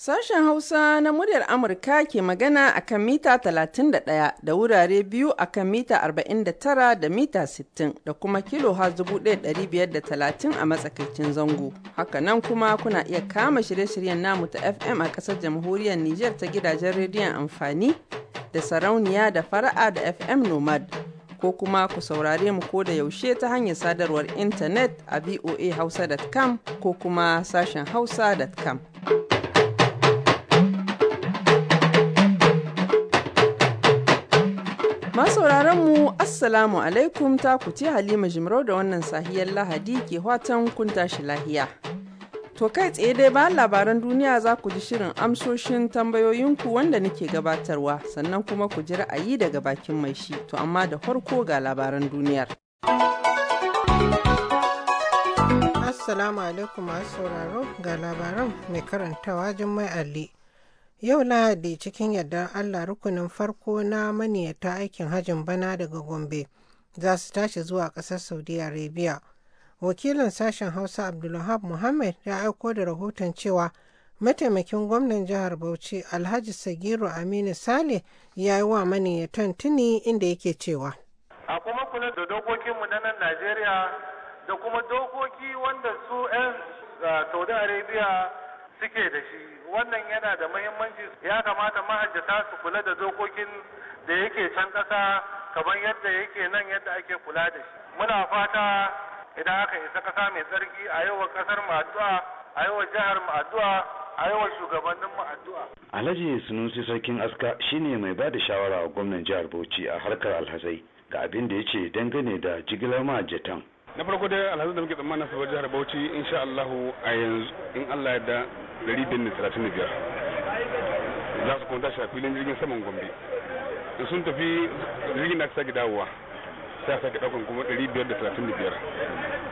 Sashen Hausa na muryar Amurka ke magana a kan mita 31 da wurare biyu a kan mita 49 da mita 60 da kuma kilo har 1530 a matsakaicin zango. Hakanan kuma kuna iya kama shirye-shiryen namu ta FM a ƙasar jamhuriyar Nijar ta gidajen rediyon amfani da sarauniya da fara'a da FM Nomad. Ko kuma ku saurare mu ko da yaushe ta hanyar sadarwar intanet a voahausa.com ko kuma sashen hausa.com. Masauraran mu Assalamu alaikum ta ku ce Halima Jimro da wannan sahiyar Lahadi ke watan kun tashi lahiya. To kai tsaye dai bayan labaran duniya za ku ji shirin amsoshin tambayoyinku wanda nake gabatarwa sannan kuma ku ji ra'ayi daga bakin mai shi to amma da farko ga labaran duniyar. Assalamu alaikum masu sauraro ga labaran mai karantawa Jummai Ali. Yau Lahadi cikin yardar Allah rukunin farko na maniyyata aikin hajjin bana daga Gombe za su tashi zuwa ƙasar Saudi Arabia. Wakilin sashen Hausa Abdulwahab Muhammad ya aiko da rahoton cewa mataimakin gwamnan jihar Bauchi Alhaji Sagiru Aminu Sale ya yi wa maniyyatan tuni inda yake cewa. A kuma kula da dokokinmu na nan Najeriya da kuma dokoki wanda su 'yan uh, Saudi Arabia suke da shi. wannan yana da muhimmanci ya kamata mahajjata su kula da dokokin da yake can ƙasa kamar yadda yake nan yadda ake kula da shi muna fata idan aka isa ƙasa mai tsarki a yau ƙasar mu addu'a a yau jihar mu addu'a a yau shugabannin mu addu'a Alhaji Sunusi sarkin aska shine mai ba da shawara a gwamnan jihar Bauchi a harkar alhazai ga abin da yace dangane da jigilar mahajjatan na farko dai alhazan da muke tsammanin sabon jihar Bauchi insha allahu a yanzu in Allah ya da 535 za su kuma tashi a filin jirgin saman gombe da sun tafi jirgin da sake dawowa sai sake daukan kuma 535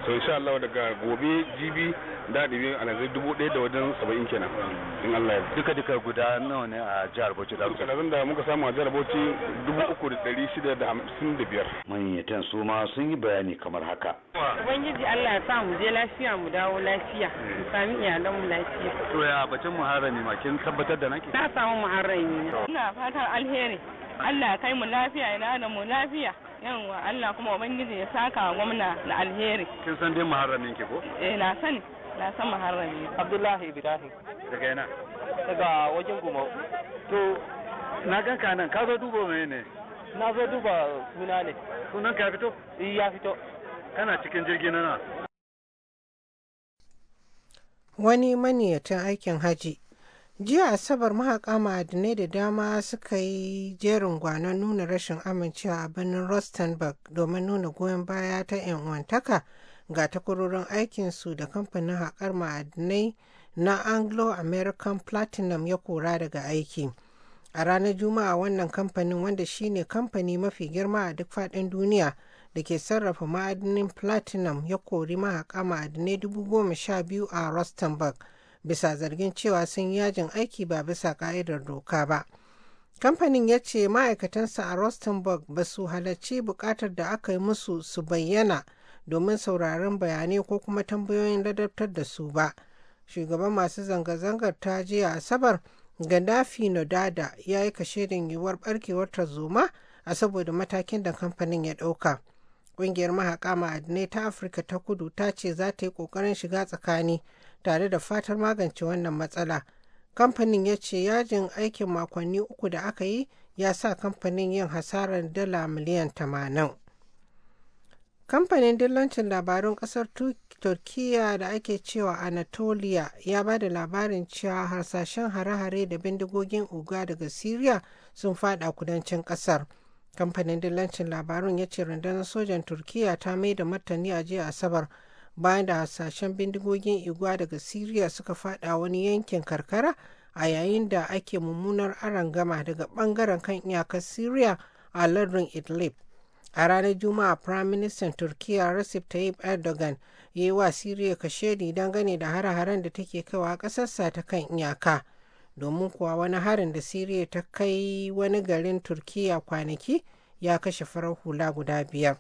so insha Allah daga gobe jibi da ɗibi alhazai dubu ɗaya da wajen saba'in kenan in Allah ya duka duka guda nawa ne a jihar Bauchi da kuka alhazan da muka samu a jihar Bauchi dubu uku da ɗari shida da hamsin da biyar manyatan su ma sun yi bayani kamar haka ubangiji Allah ya sa mu je lafiya mu dawo lafiya mu sami iyalan mu lafiya to ya bacin muharrami ma kin tabbatar da nake na samu muharrami ina fatan alheri Allah kai mu lafiya ina da mu lafiya yawwa Allah kuma ubangiji ya saka wa gwamna da alheri kin san dai muharramin ki ko eh na sani na san muharrami abdullahi ibrahim daga yana daga wajen gumau to na ganka nan ka zo duba mai ne na zo duba suna ne sunan ka ya fito eh, ya fito kana cikin jirgin nan wani maniyatan aikin haji jiya asabar mahaƙa ma'adinai da dama suka yi jerin gwanon nuna rashin amincewa a birnin rustenburg domin nuna goyon baya ta 'yan uwantaka ga takwarorin aikinsu da kamfanin haƙar ma'adinai na anglo-american platinum ya kora daga aiki a ranar juma'a wannan kamfanin wanda shine kamfani mafi girma a duk faɗin duniya da ke sarrafa ma'adinin platinum ya kori mahaƙa ma'adinai dubu goma sha biyu a rustenburg bisa zargin cewa sun yajin aiki ba bisa ka'idar doka ba kamfanin ya ce ma'aikatansa a rustenburg ba su halarci buƙatar da aka yi musu su bayyana domin sauraron bayanai ko kuma tambayoyin ladabtar da su ba shugaban masu zanga-zangar ta jiya asabar gaddafi nodada ya yi kashedin yiwuwar barkewar tarzoma a saboda matakin da kamfanin ya ɗauka ƙungiyar mahaƙa ma'adinai ta afirka ta kudu ta ce za ta yi ƙoƙarin shiga tsakani tare da fatar magance wannan matsala kamfanin ya ce yajin aikin makonni uku da aka yi ya sa kamfanin yin hasarar dala miliyan 80. Kamfanin dillancin labarun kasar Turkiyya da ake cewa Anatolia ya ba da labarin cewa harsashen hare-hare da bindigogin Uga daga syria sun fada kudancin kasar Kamfanin dillancin labarun ya ce rundunar sojan Turkiyya ta mai da martani a jiya Asabar bayan da harsashen bindigogin Igwa daga syria suka fada wani yankin karkara a yayin da ake mummunar arangama daga bangaren kan iyakar syria a lardin Idlib. a ranar juma'a firaministan turkiyya recep tayyip erdogan ya yi wa siriya kashedi dangane da hare-haren da take kaiwa ƙasarsa ta kan iyaka domin kuwa wani harin da siriya ta kai wani garin turkiyya kwanaki ya kashe farar hula guda biyar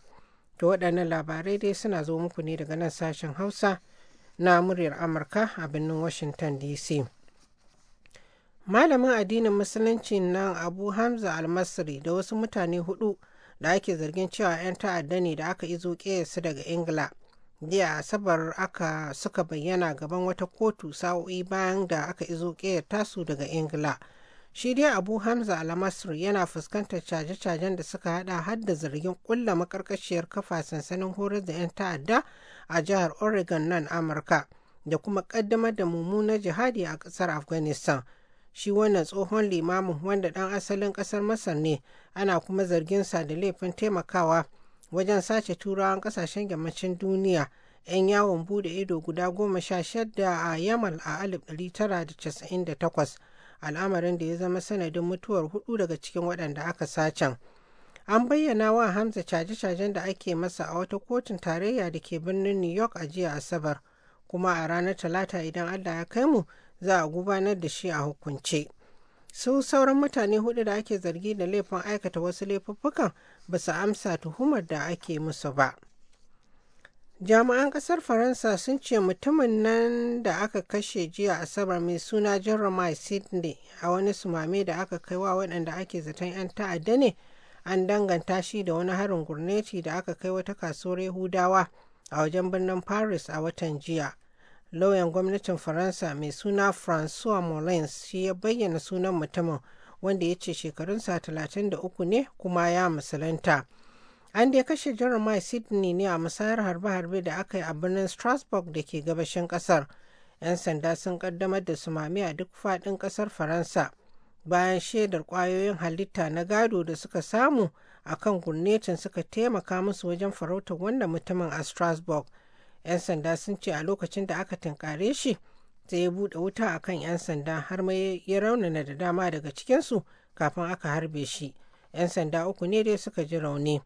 to waɗannan labarai dai suna zo muku ne daga nan sashen hausa na muryar amurka a birnin washington dc malamin addinin musulunci nan abu hamza almasri da wasu mutane hudu da ake zargin cewa 'yan ta'adda ne da aka izo su daga ingila jiya asabar aka suka bayyana gaban wata kotu sa'o'i bayan da aka izo tasu daga ingila shi dai abu hamza alamasir yana fuskantar caje-cajen da suka hada har da zargin kulla makarkashiyar kafa sansanin horar da 'yan ta'adda a jihar oregon nan amurka da kuma kaddamar da mummunar jihadi a kasar afghanistan shi wannan tsohon limamin wanda ɗan asalin ƙasar masar ne ana kuma zarginsa da laifin taimakawa wajen sace turawan ƙasashen yammacin duniya 'yan yawon bude ido guda goma sha shadda a yamal a alif tara da da casa'in takwas, al'amarin da ya zama sanadin mutuwar hudu daga cikin waɗanda aka sacen an bayyana wa hamza caje-cajen da ake masa a wata kotun tarayya da ke birnin new york a jiya asabar kuma a ranar talata idan allah ya kai mu za a gudanar da shi a hukunce su sauran mutane hudu da ake zargi da laifin aikata wasu laifuffukan ba su amsa tuhumar da ake musu ba jami'an ƙasar faransa sun ce mutumin nan da aka kashe jiya asabar mai suna jeremiah sydney a wani sumame da aka kai wa waɗanda ake zaton 'yan ta'adda ne an danganta shi da wani harin gurneti da aka kai wata kasuwar yahudawa a wajen birnin paris a watan jiya lauyan gwamnatin faransa mai suna francois molins shi ya bayyana sunan mutumin wanda ya ce shekarunsa 33 ne kuma ya musulunta an dai kashe jeremiah sydney ne a musayar harbe-harbe da aka yi a birnin strasbourg da ke gabashin kasar 'yan sanda sun kaddamar da sumami a duk faɗin kasar faransa bayan shaidar kwayoyin halitta na gado da suka samu a kan gurnetin suka taimaka musu wajen farautar wanda mutumin a strasbourg 'yan sanda sun ce a lokacin da aka tunkare shi sai ya buɗe wuta a kan 'yan sanda har ma ya raunana da dama daga cikinsu kafin aka harbe shi 'yan sanda uku ne dai suka ji rauni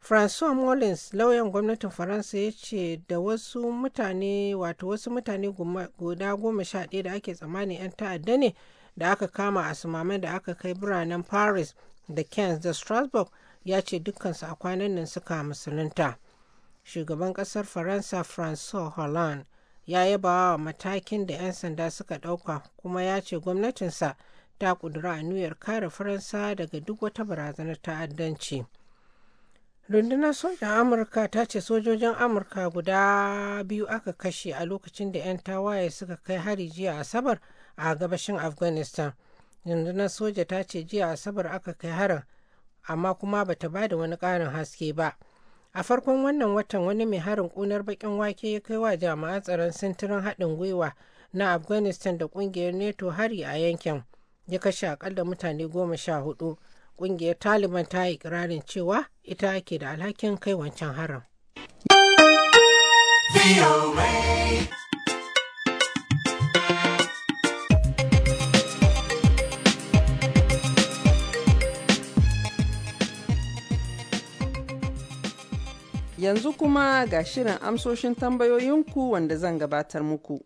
francois mullins lauyan gwamnatin faransa ya ce da wasu mutane wato wasu mutane guda goma sha ɗaya da ake tsammanin 'yan ta'adda ne da aka kama a sumaman da aka kai biranen paris da cairns da strasbourg ya ce dukkansu a kwanan nan suka musulunta shugaban kasar faransa francois hollande ya yaba wa matakin da 'yan sanda suka ɗauka kuma ya ce gwamnatinsa ta ƙudura aniyar kare faransa daga duk wata barazanar ta'addanci rundunar sojan amurka ta ce sojojin amurka guda biyu aka kashe a lokacin da 'yan tawaye suka kai hari jiya asabar a gabashin afghanistan rundunar soja ta ce jiya asabar aka kai harin amma kuma bata ba da wani ƙarin haske ba. a farkon wannan watan wani mai harin kunar bakin wake ya kai wa jama'a tsaron sintirin haɗin gwiwa na afghanistan da kungiyar neto hari a yankin ya kashe akalla mutane goma sha hudu kungiyar taliban ta yi kirarin cewa ita ake da alhakin kai wancan harin. Yanzu kuma ga shirin amsoshin tambayoyinku wanda zan gabatar muku.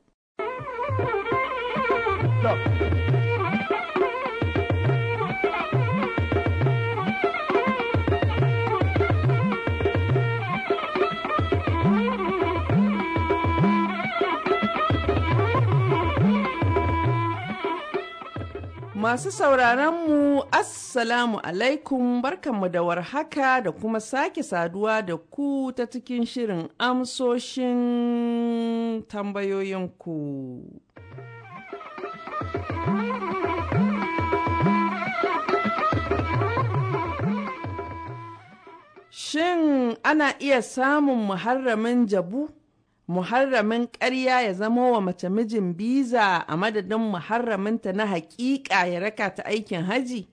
Masu sauraron mu Assalamu alaikum barkanmu da warhaka da kuma sake saduwa da ku ta cikin shirin amsoshin tambayoyinku. Shin ana iya samun muharramin jabu? muharramin ƙarya ya zamo wa mace mijin biza a madadin muharraminta na haƙiƙa ya raka ta aikin haji?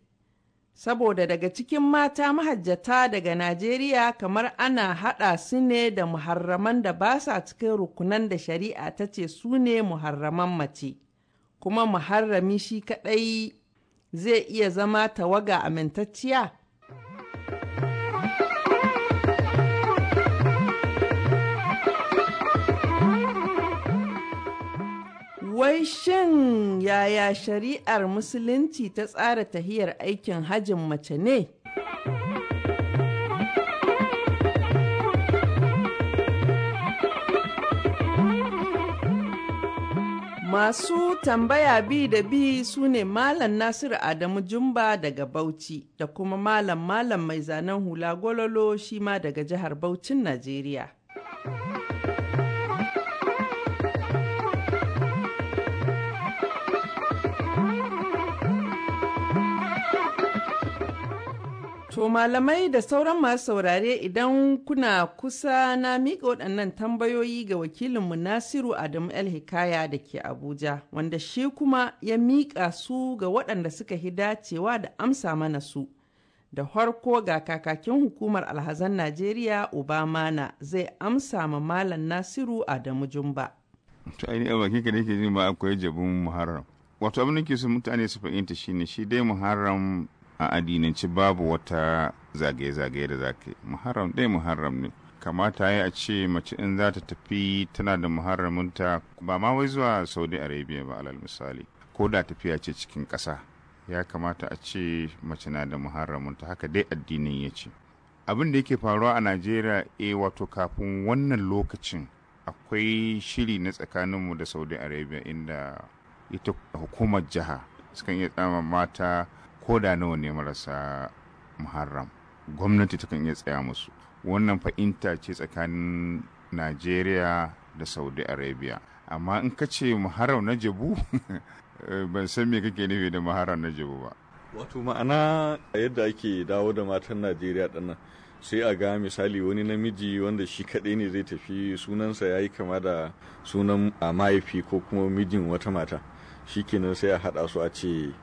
Saboda daga cikin mata mahajjata daga Najeriya kamar ana haɗa su ne da muharraman da ba sa cikin rukunan da shari'a ta ce su ne muharraman mace, kuma muharrami shi kaɗai zai iya zama tawaga amintacciya. Wai shin yaya shari'ar Musulunci ta tsara tahiyar aikin hajjin mace ne? Masu tambaya bi da bi su ne Malam Nasiru Adamu Jumba daga Bauchi da kuma Malam Malam mai zanen hula gololo shi ma daga jihar Bauchin Najeriya. To malamai da sauran masu saurare idan kuna kusa na miƙa waɗannan tambayoyi ga wakilinmu Nasiru Adamu El Hikaya da ke Abuja, wanda shi kuma ya miƙa su ga waɗanda suka hi dacewa da amsa mana su. Da harko ga kakakin hukumar alhazan Najeriya Obamana zai amsa ma Malam Nasiru Adamu Jumba. To da Wato abin da ke so mutane su fahimta shine shi dai Muharram a adinanci babu wata zagaye-zagaye da zake. muharram dai muharram ne kamata ya a ce mace in za ta tafi tana da muharraminta ba ma wai zuwa saudi arabia ba alal misali ko da tafiya ce cikin ƙasa ya kamata a ce mace na da muharraminta haka dai addinin ya ce abin da yake faruwa a najeriya e wato kafin wannan lokacin akwai shiri na tsakaninmu da saudi arabia inda ita hukumar jiha sukan iya tsama mata ko da nawa ne marasa muharram gwamnati takan iya tsaya musu wannan fahimta ce tsakanin najeriya da saudi arabia amma in ka ce muharram na jabu eh, ban san me kake nufi da muharram na jabu ba wato ma'ana yadda ake dawo da matan najeriya ɗannan sai a ga misali wani namiji wanda shi kaɗai ne zai tafi sunansa ya yi kama da sunan a mahaifi ko kuma mijin wata mata shi kenan sai a haɗa su a ce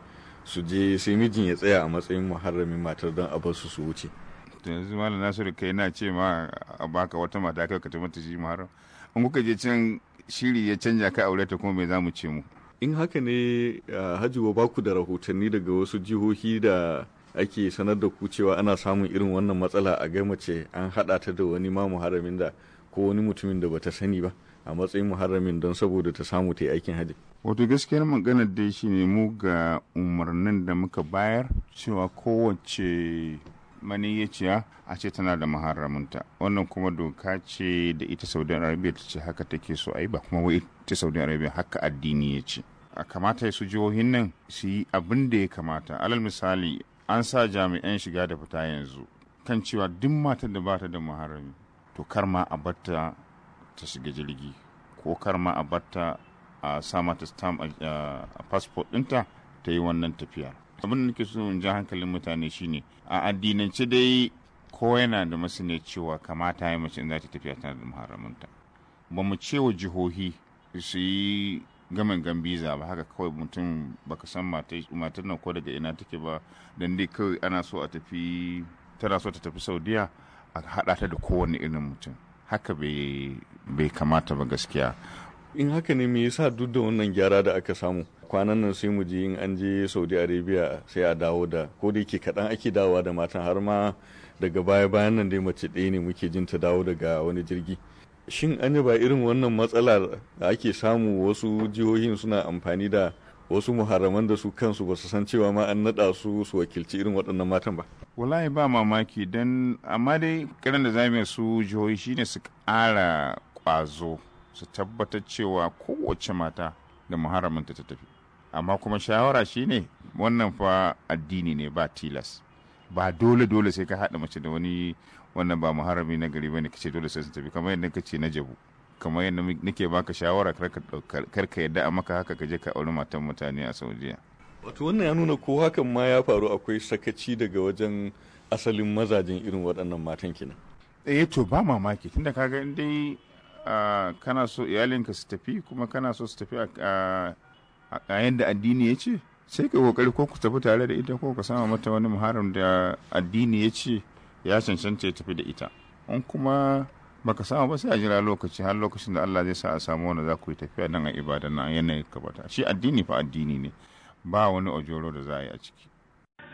su je sai mijin ya tsaya a matsayin muharramin matar don a bar su su wuce yanzu malam nasiru kai na ce ma a baka wata mata kai ka ta mata shi muharram in kuka je can shiri ya canja ka aure ta kuma me za mu ce mu in haka ne hajiwa ba ku da rahotanni daga wasu jihohi da ake sanar da ku cewa ana samun irin wannan matsala a ce an haɗa ta da wani ma muharramin da ko wani mutumin da bata sani ba a matsayin muharramin don saboda ta samu ta yi aikin hajji. Wato gaskiyar maganar dai shi ne mu ga umarnin da muka bayar cewa kowace maniyyaciya a ce tana da muharraminta wannan kuma doka ce da ita saudi arabia ta ce haka take so a yi ba kuma wai ita saudi arabia haka addini ya ce a kamata su jihohin nan su yi abin da ya kamata alal misali an sa jami'an shiga da fita yanzu kan cewa duk matar da ba ta da muharrami to kar ma a ta. ta shiga jirgi ko kar ma a batta a sama ta stamp a passport dinta ta yi wannan tafiya abin da nake so in ji hankalin mutane shine a addinance dai ko yana da masaniyar cewa kamata ya mace in za ta tafiya tana da muharraminta ba mu cewa jihohi su yi gamin gambiza ba haka kawai mutum baka san matar nan ko daga ina take ba dan dai kawai ana so a tafi tana so ta tafi saudiya a haɗa ta da kowane irin mutum haka bai kamata ba gaskiya in haka ne me sa duk da wannan gyara da aka samu kwanan nan sai mu ji in an je saudi arabia sai a dawo da ko da yake kaɗan ake dawowa da matan har ma daga baya bayan nan dai mace ɗaya ne muke jin ta dawo daga wani jirgi shin an ba irin wannan matsalar da ake samu wasu jihohin suna amfani da wasu muharraman da su kansu ba su san cewa ma an naɗa su su wakilci irin waɗannan matan ba wallahi ba mamaki don amma dai kiran da zami su jihohi shine su ƙara ƙwazo su tabbatar cewa kowace mata da muharramanta ta tafi amma kuma shawara shine wannan fa addini ne ba tilas ba dole dole sai ka haɗa mace da wani wannan ba muharrami na gari bane kace dole sai su tafi kamar yadda kace na jabu kamar yadda nake baka shawara kar ka yadda a maka haka ka je ka auri matan mutane a saudiya wato wannan ya nuna ko hakan ma ya faru akwai sakaci daga wajen asalin mazajen irin waɗannan matan kenan eh to ba mamaki tunda kaga in dai kana so iyalinka su tafi kuma kana so su tafi a yadda addini ya ce sai ka kokari ko ku tafi tare da ita ko ka sama mata wani muharam da addini ya ce ya cancanta ya tafi da ita in kuma baka samu ba sai a jira lokaci har lokacin da Allah zai sa a samu wanda za ku yi tafiya nan a ibadan nan yanayin ka bata shi addini fa addini ne ba wani ojoro da za a yi a ciki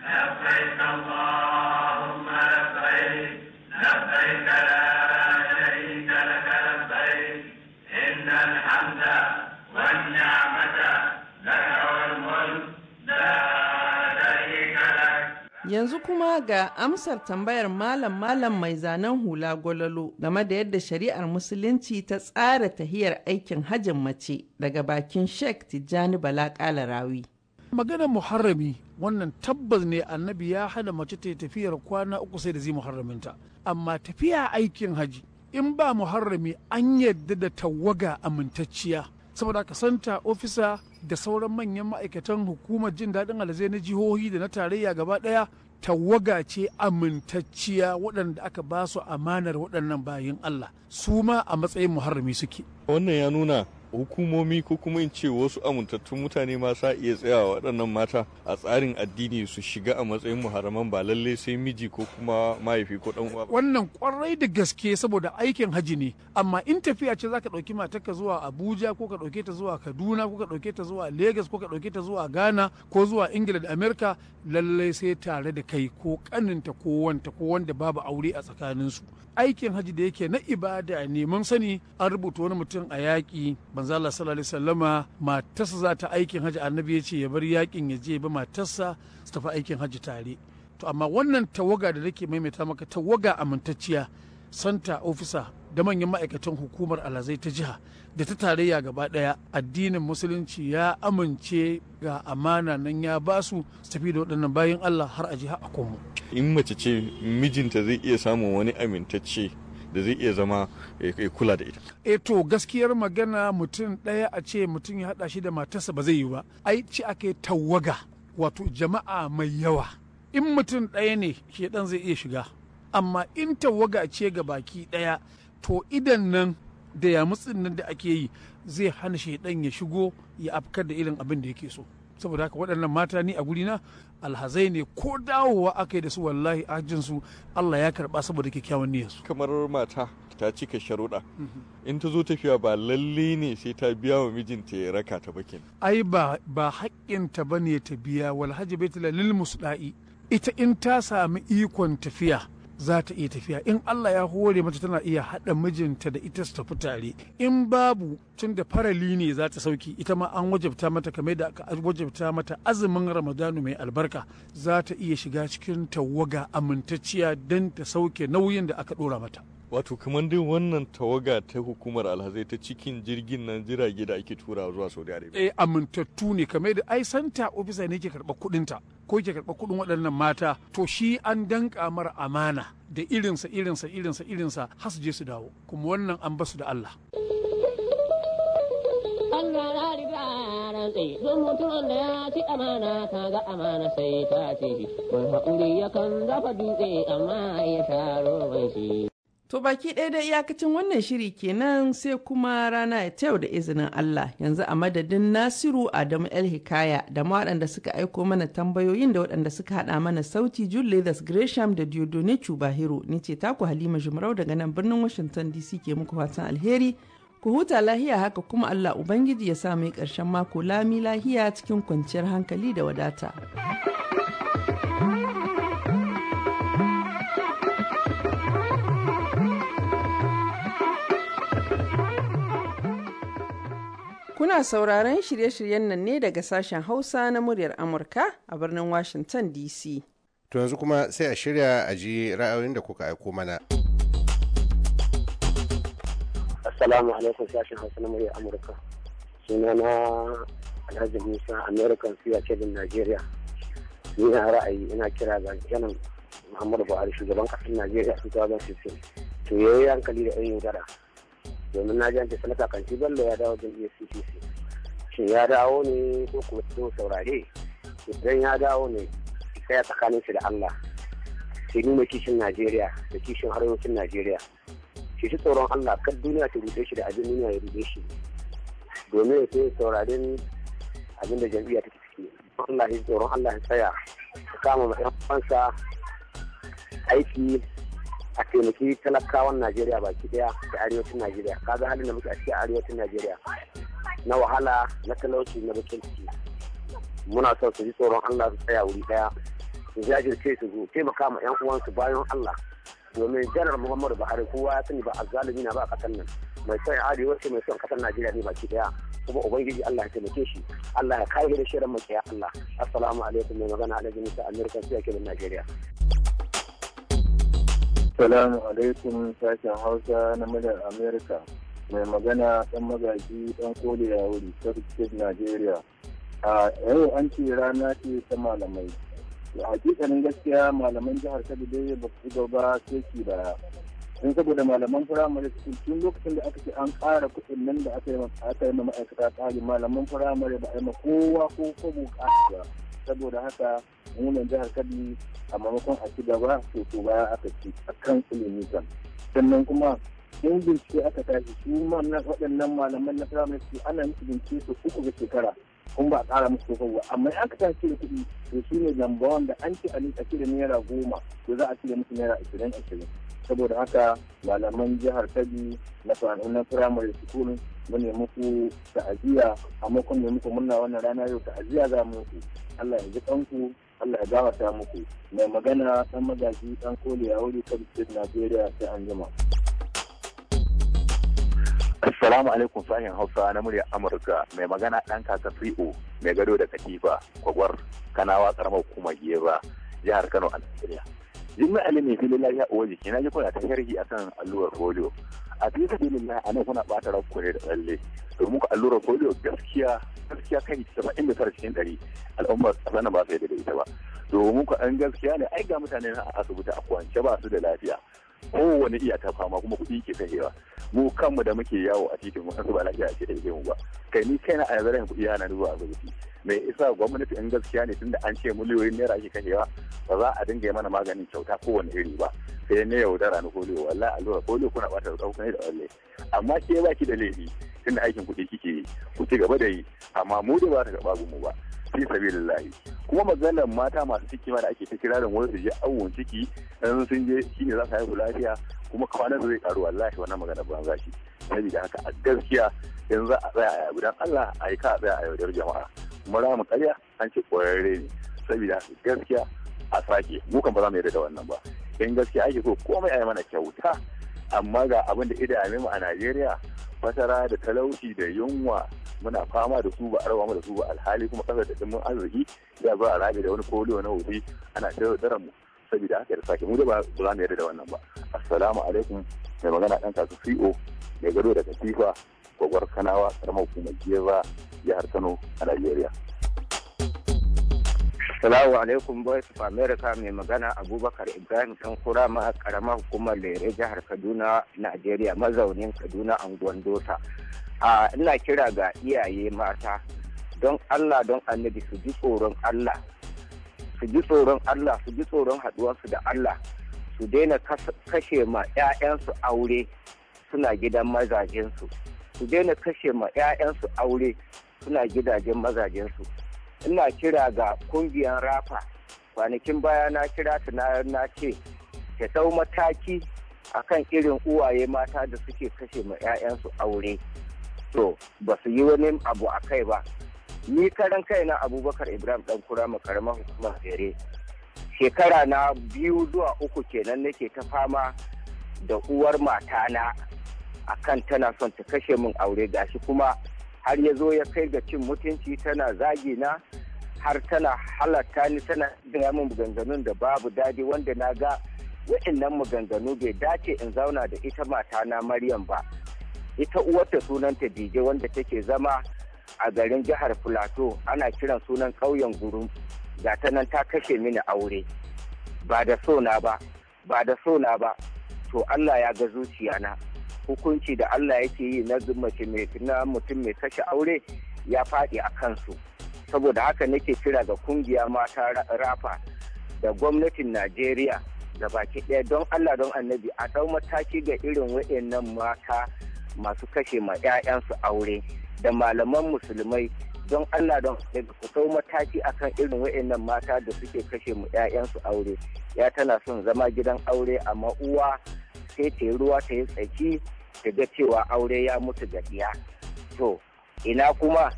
labbaik allahumma labbaik labbaik Yanzu kuma ga amsar tambayar malam malam mai zanen hula gwalalo game da yadda shari'ar musulunci ta tsara tahiyar aikin hajjin mace daga bakin Sheikh Tijjani Bala Kalarawi. magana Muharrami wannan tabbas ne annabi ya hana mace ta tafiyar kwana uku sai da zai muharraminta. Amma tafiya aikin haji in ba muharrami an yadda da tawaga amintacciya saboda ka santa ofisa da sauran manyan ma'aikatan hukumar jin daɗin alzai na jihohi da na tarayya gaba ɗaya tawaga ce amintacciya waɗanda aka ba su amanar waɗannan bayin Allah su ma a matsayin muharrami suke wannan ya nuna hukumomi ko kuma in ce wasu amintattun mutane ma sa iya tsayawa waɗannan mata a tsarin addini su shiga a matsayin muharaman ba lallai sai miji ko kuma mahaifi ko ɗan uwa. Wannan kwarai da gaske saboda aikin haji ne amma in tafiya ce zaka ɗauki matarka zuwa Abuja ko ka ɗauke ta zuwa Kaduna ko ka ɗauke ta zuwa Legas ko ka ɗauke ta zuwa Ghana ko zuwa Ingila da Amerika lallai sai tare da kai ko kaninta ko wanta ko wanda babu aure a tsakaninsu. Aikin haji da yake na ibada ne mun sani an rubuta wani mutum a yaƙi manzo Allah sallallahu matarsa za ta aikin hajji annabi ya ce ya bar yakin ya je ba matarsa su tafi aikin hajji tare to amma wannan tawaga da nake maimaita maka tawaga amintacciya santa ofisa da manyan ma'aikatan hukumar alazai ta jiha da ta tarayya gaba daya addinin musulunci ya amince ga amana nan ya ba su tafi da waɗannan bayan allah har a jiha a komo in mace ce mijinta zai iya samun wani amintacce da zai iya zama eh, kula da ita. E to gaskiyar magana mutum ɗaya a ce mutum ya haɗa shi da matarsa ba zai yi ba. Ai ci ake tawaga wato jama'a mai yawa. In mutum ɗaya ne ɗan zai iya shiga. Amma in tawaga ce ga baki ɗaya to idan nan da yamutsin nan da ake yi zai hana shedan ya shigo ya afkar da irin abin da yake so. saboda haka waɗannan mata ni a gurina alhazai ne ko dawowa aka yi da su wallahi a su Allah ya karɓa saboda kyakkyawan su kamar mata ta cika sharuɗa mhm. in ta zo tafiya ba lalle ne sai ta biya wa mijinta ya raka ta bakin ai ba ba haƙƙinta bane ta biya wal hajji baitala lil musda'i ita in ta sami ikon tafiya za ta iya tafiya in Allah ya hore mata tana iya haɗa mijinta da ita su tafi tare in babu tun da farali ne za ta sauki ita ma an wajabta mata kamar da aka wajabta mata azumin ramadanu mai albarka za ta iya shiga cikin tawaga amintacciya don ta sauke nauyin da aka ɗora mata. wato kamar dai wannan tawaga ta hukumar alhazai ta cikin jirgin nan jirage da ake tura zuwa saudi arabia eh amintattu ne kamar da ai santa ofisa ne ke karɓar kuɗinta ko ke karɓar kuɗin waɗannan mata to shi an danka mara amana da irinsa irinsa irinsa irinsa har su je su dawo kuma wannan an basu da allah Allah na riga tsaye, don mutumin da ya ci amana ta ga amana sai ta ce dafa dutse amma ya shi. To baki ɗaya da iyakacin wannan shiri kenan sai kuma rana ya yau da izinin Allah yanzu a madadin Nasiru Adamu El Hikaya da ma waɗanda suka aiko mana tambayoyin da waɗanda suka haɗa mana sauti Julius Gresham da Diodone Chubahiro ni ce taku Halima Jumrau daga nan birnin Washington DC ke muku fatan alheri ku huta lahiya haka kuma Allah Ubangiji ya sa mai ƙarshen mako lami lahiya cikin kwanciyar hankali da wadata. Kuna sauraron shirye-shiryen nan ne daga sashen Hausa na muryar Amurka a birnin Washington DC. To yanzu kuma sai a shirya a ji ra'ayoyin da kuka aiko mana. Assalamu alaikum sashen Hausa na muryar Amurka. Sunana Alhaji Musa American Suya Kebin Nigeria. Ni na ra'ayi ina kira ga janar Muhammadu Buhari shugaban kasar Najeriya 2015. To yayi hankali da 'yan yaudara. domin na ji an tafi na kakanci bello ya dawo jam'iyyar ACCC shin ya dawo ne ko kuma cikin saurare idan ya dawo ne sai tsakanin shi da allah sai nuna kishin najeriya da kishin harkokin najeriya shi shi tsoron allah kan duniya ta rufe shi da abin duniya ya rufe shi domin ya sai sauraren abin da jam'iyya ta ciki allah ya tsoron allah ya tsaya kama ma 'yan aiki a taimaki talakawan najeriya baki daya da arewacin najeriya kaga halin da muke a cikin arewacin najeriya na wahala na talauci na bakin muna son su ji tsoron allah su tsaya wuri daya su jajirce su zo taimaka ma yan uwansu bayan allah domin janar muhammadu buhari kowa ya sani ba a zalimi na ba a kasar nan mai son arewa mai son kasar najeriya ne baki daya kuma ubangiji allah ya taimake shi allah ya kai da shirin makiya allah assalamu alaikum mai magana alhaji musa amir kan ke da najeriya Assalamu alaikum sashen Hausa na muryar Amerika. Mai magana ɗan magaji ɗan kole ya wuri, State Najeriya A yau an ce rana ce ta malamai. A hakikanin gaskiya malaman jihar Kano dai ba su ba sai baya. Sun saboda malaman firamare tun lokacin da aka ce an ƙara kuɗin nan da aka yi ma ma'aikata ƙari malaman firamare ba a yi ma kowa ko kwabo ƙasa ba. saboda haka munan jihar kadi a maimakon a ci gaba to to baya aka ci a kan ilimi kan sannan kuma in bincike aka tashi su na waɗannan malaman na firamare su ana musu bincike su uku ga shekara kun ba a ƙara musu kofar ba amma aka tashi da kuɗi to su ne lamba da an ce a da naira goma to za a ci cire musu naira ashirin ashirin saboda haka malaman jihar kadi na firamare su mu ne muku ta'aziyya amma kun ne muku murna wannan rana yau ta'aziyya za mu ku Allah ya ji kanku Allah ya gawata muku mai magana dan magaji dan kole ya wuri kan state Najeriya sai anjima. jima Assalamu alaikum sahin Hausa na murya Amurka mai magana dan kaka Fi'o mai gado da Katifa Kwagwar Kanawa karamar kuma Gera jihar Kano a nigeria. jimmi ali ne filin lafiya uwa jiki na ji kuna ta sharhi kan allurar polio a fi sabilin na a nan kuna bata ranku da tsalle domin ku allurar polio gaskiya gaskiya kai saba inda tara cikin ɗari al'ummar ƙasa ba su yadda da ita ba domin ku an gaskiya ne ai ga mutane na a asibiti a kwance ba su da lafiya kowane iya ta fama kuma kuɗi ke sahewa mu kanmu da muke yawo a titin mu kansu ba lafiya ce da yake mu ba kai ni kaina a yanzu kuɗi yana duba a gwamnati me isa gwamnati in gaskiya ne tunda an ce miliyoyin naira ake kashewa ba za a dinga yi mana maganin kyauta kowane iri ba sai ne yaudara na koliyo wallahi allura koliyo kuna ɓata bata ne da walle amma ke baki da laifi tun da aikin kuɗi kike yi ku ci gaba da yi amma mu da ba ta gaba mu ba fi lillahi kuma maganar mata masu ciki ma da ake ta kirarin wani su je awon ciki ɗan sun je shi ne za su haihu lafiya kuma kwanan zai karu wallahi wannan magana ba za shi saboda haka a gaskiya yanzu za a tsaya a yabi dan Allah a yi ka a tsaya a yaudar jama'a Kuma za mu karya an ce ƙwararre ne saboda gaskiya a sake mu kan ba za mu yarda da wannan ba in gaskiya ake so komai a yi mana kyauta amma ga abin da a mu a Najeriya fatara da talauci da yunwa muna fama da su ba a da su ba alhali kuma kasar da mun arziki ya ba a rabi da wani koliyo na wuri ana daren mu saboda haka da sake mu da ba za mu yarda da wannan ba assalamu alaikum mai magana dan kasu co e mai gado da katifa gwagwar kanawa karamar hukumar jeva jihar kano a najeriya Assalamu alaikum Voice of America mai magana Abubakar Ibrahim ɗan kurama karamar hukumar Lere jihar Kaduna, Najeriya mazaunin Kaduna anguwan Dosa. A ina kira ga iyaye mata don Allah don annabi su ji tsoron Allah. Su ji tsoron Allah, su ji tsoron haɗuwarsu da Allah. Su daina kashe ma 'ya'yansu aure suna gidan mazajensu. Su daina kashe ma 'ya'yansu aure suna gidajen mazajensu. ina kira ga kungiyar rafa kwanakin baya na kira ta na ce ta dau mataki akan irin uwaye mata da suke kashe ma 'ya'yansu aure to ba su yi wani abu a kai ba ni karan kai na abubakar ibrahim dan kura makarama hukumar fere shekara na biyu zuwa uku kenan nake ta fama da uwar matana A kan tana son ta kashe min aure gashi kuma har ya zo ya kai ga cin mutunci tana zagi na har tana halatta ni tana gaya min maganganun da babu daɗi wanda na ga waɗannan maganganu bai dace in zauna da ita mata na Maryam ba. Ita uwarta sunanta dije wanda take zama a garin jihar Filato ana kiran sunan ƙauyen Gurum. Ga ta nan ta kashe mini aure. Ba da so ba, ba da so na ba. To Allah ya ga zuciya na. hukunci da Allah yake yi na na mutum mai kashe aure ya faɗi a kansu saboda haka nake kira ga kungiya mata rafa da gwamnatin Najeriya da baki ɗaya don Allah don annabi a ɗau mataki ga irin waɗannan mata masu kashe ma 'ya'yansu aure da malaman musulmai don Allah don ku dau mataki akan irin waɗannan mata da suke kashe mu 'ya'yansu aure ya tana son zama gidan aure amma uwa sai ta yi ruwa ta yi tsaki ta ga cewa aure ya mutu ga ɗiya to ina kuma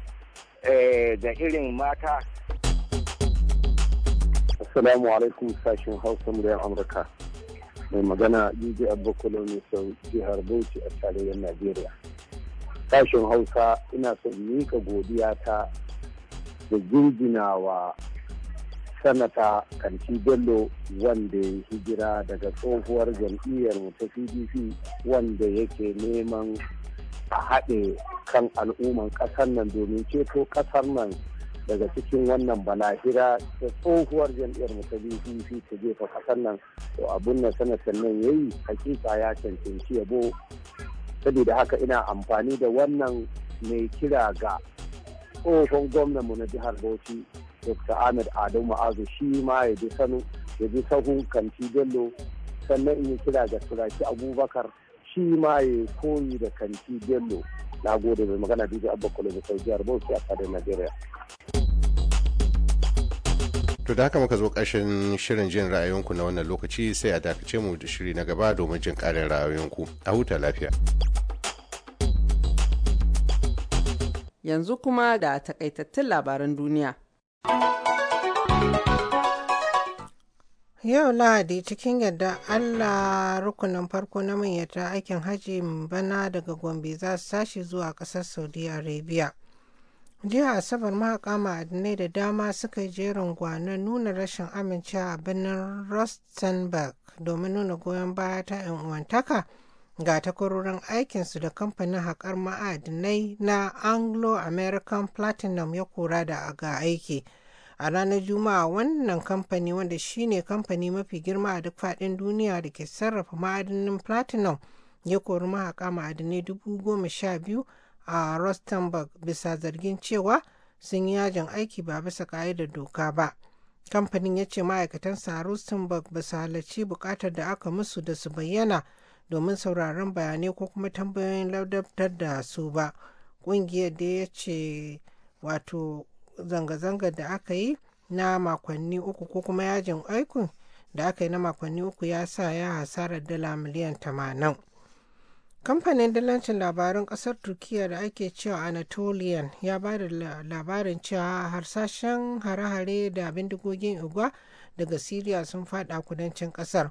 eh, ga irin mata Assalamu alaikum sashen Hausa muryar Amurka. Mai magana Jiji Abubakar ne sau jihar Bauchi a tarayyar Najeriya. Sashen Hausa ina son miƙa godiya ta da jirginawa sanata kanti bello wanda ya hijira daga tsohuwar jam'iyyar ta pdp wanda yake neman a haɗe kan al'umman ƙasar nan domin ceto ƙasar nan daga cikin wannan balahira ta tsohuwar jam'iyyar mu ta pdp ta jefa ƙasar nan to abin na sanatar nan ya yi hakika ya cancanci yabo saboda haka ina amfani da wannan mai kira ga tsohon mu na jihar bauchi dr ahmed adamu ma'azu shi ma ya ji sanu ya ji sahun kanti bello sannan in yi kira ga turaki abubakar shi ma ya koyi da kanti bello na gode mai magana dj abba kwallo da jihar su a fadin najeriya to da haka muka zo ƙarshen shirin jin ra'ayinku na wannan lokaci sai a dakace mu da shiri na gaba domin jin ƙarin ra'ayoyinku a huta lafiya yanzu kuma da takaitattun labaran duniya Yau Lahadi cikin yadda Allah rukunin farko na manyata aikin hajji bana daga Gombe za su tashi zuwa ƙasar Saudi Arabia. Jiya Asabar mahaƙa ma'adinai da dama suka yi jerin gwanon nuna rashin amincewa a birnin Rustenburg domin nuna goyon baya ta 'yan uwantaka ga takwarorin aikinsu da kamfanin haƙar ma'adinai na anglo-american platinum ya kora da ga aiki a ranar juma'a wannan kamfani wanda shine kamfani mafi girma a duk faɗin duniya da ke sarrafa ma'adinin platinum ya kori mahaƙa ma'adinai dubu goma sha biyu a rustenburg bisa zargin cewa sun yi yajin aiki ba bisa ƙa'idar doka ba kamfanin ya ce ma'aikatan sa rustenburg basu halarci buƙatar da aka musu da su bayyana domin sauraron bayanai ko kuma tambayoyin laudabtar da su ba ƙungiyar da ya ce wato zanga zanga da aka yi na makonni uku ko kuma yajin aikun da aka yi na makonni uku ya sa ya hasarar dala miliyan tamanin? kamfanin dalancin labarun kasar turkiya da ake cewa anatolian ya ba da labarin cewa harsashen hare-hare da bindigogin igwa daga syria sun fada kudancin kasar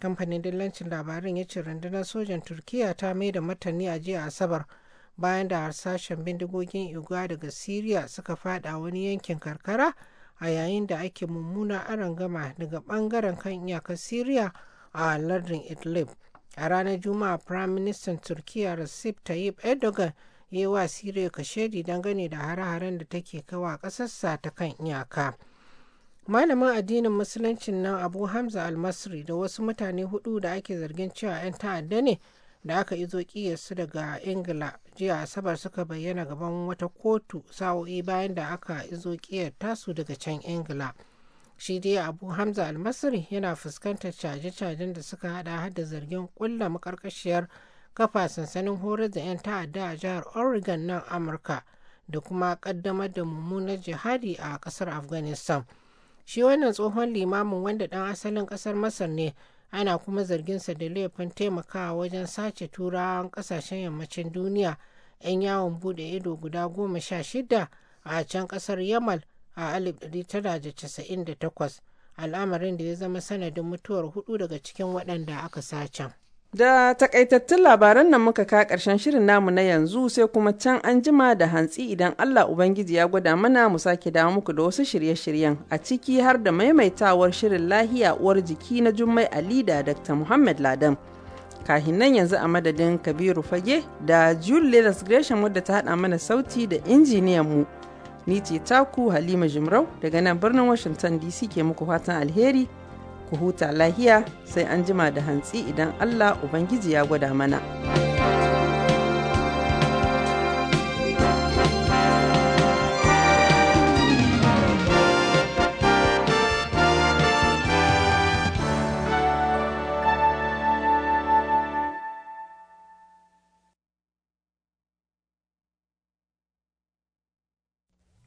kamfanin dillancin labarin ya ce rundunar sojan turkiya ta mai da martani a jiya asabar bayan da harsashen bindigogin igwa daga syria suka fada wani yankin karkara a yayin da ake mummuna arangama daga bangaren kan iyakar syria a lardin idlib a ranar juma'a prime minister turkiya recep tayyip erdogan ya yi wa syria kashedi dangane da hare-haren da take kawa ƙasarsa ta kan iyaka malamin addinin musuluncin nan abu hamza almasri da wasu mutane hudu da ake zargin cewa 'yan ta'adda ne da aka izo su daga ingila jiya asabar suka bayyana gaban wata kotu sa'o'i bayan da aka izo kiyar tasu daga can ingila shi dai abu hamza almasri yana fuskantar caje-cajen da suka hada hada zargin kulla makarkashiyar kafa sansanin horar da 'yan ta'adda a jihar oregon nan amurka da kuma kaddamar da mummunar jihadi a kasar afghanistan Shi wannan tsohon limamin wanda ɗan asalin ƙasar Masar ne ana kuma zarginsa da laifin taimakawa wajen sace turawan ƙasashen yammacin duniya 'yan yawon bude ido guda goma sha shida a can ƙasar Yamal a 1998 al'amarin da ya zama sanadin mutuwar hudu daga cikin waɗanda aka sace. Da takaitattun labaran nan muka ka ƙarshen shirin namu na yanzu sai kuma can an jima da hantsi idan Allah Ubangiji ya gwada mana mu sake dawo muku da wasu shirye-shiryen a ciki har da maimaitawar shirin lahiya uwar jiki na Jummai Ali da Dr. Muhammad Ladan. Kahin nan yanzu a madadin Kabiru Fage da Julius Gresham wadda ta haɗa mana sauti da injiniyan mu. Ni ce taku Halima Jimrau daga nan birnin Washington DC ke muku fatan alheri. ku huta lahiya sai an jima da hantsi idan Allah Ubangiji ya gwada mana.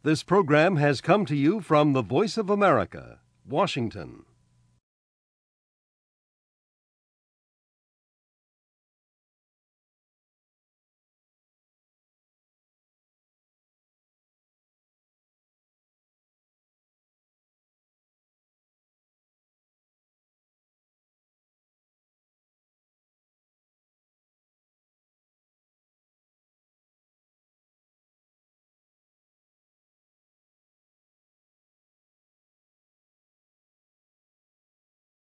This program has come to you from the Voice of America, Washington.